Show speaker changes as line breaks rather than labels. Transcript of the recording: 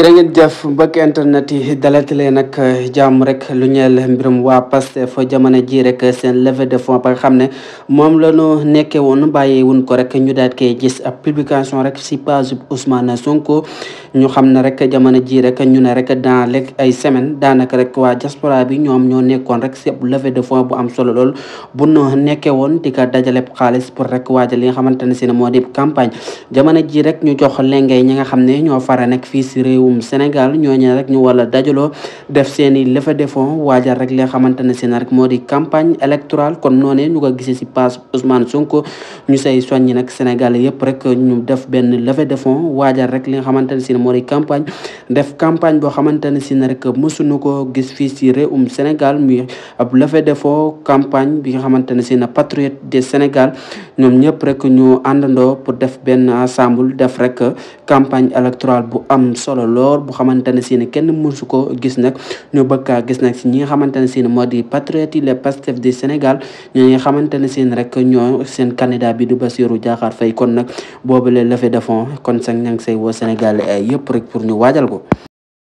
jërë ngeen jëf mbokk internet yi dalati leen nag jàmm rek jamono ji rek seen levée de fonds ba xam ne moom la ñu nekkee woon bàyyi wuñ ko rek ñu daal koy gis ab publication rek si page Ousmane Sonko ñu xam ne rek jamono ji rek ñu ne rek dans les ay semaines daanaka rek waa diaspora bi ñoom ñoo nekkoon rek si ab levée de bu am solo lool bu ñu nekkee woon di ko xaalis pour rek waajal li nga xamante ne si ne moo campagne jamono ji rek ñu jox lengay ñi xam ne ñoo fara nekk fii réewum Sénégal ñooñu rek ñu wala dajaloo def seen i levée de fonds waajal rek li xamante ne seen rek si passe Ousmane Sonko ñu say soññi nag Sénégal yëpp rek ñu def benn levée de li nga xamante ne si moo di campagne def campagne boo xamante ne si rek mësuñu ko gis fii si réewum Sénégal muy ab levée de fonds bi nga xamante ne si na de Sénégal ñoom ñëpp rek ñu àndandoo pour def benn ensemble def rek campagne électorale bu am solo lool bu xamante ne si ne kenn mësu ko gis nag ñu bëgg kaa gis nag si ñi nga xamante ne si moo di patriote yi les Pastef du Sénégal ñoo nga xamante ne si rek ñoo seen candidat bi du ba Bassirou Diakhar fay kon nag boobule levée de fonds kon sax ña ngi say woo Sénégal eh, yëpp rek pour ñu waajal ko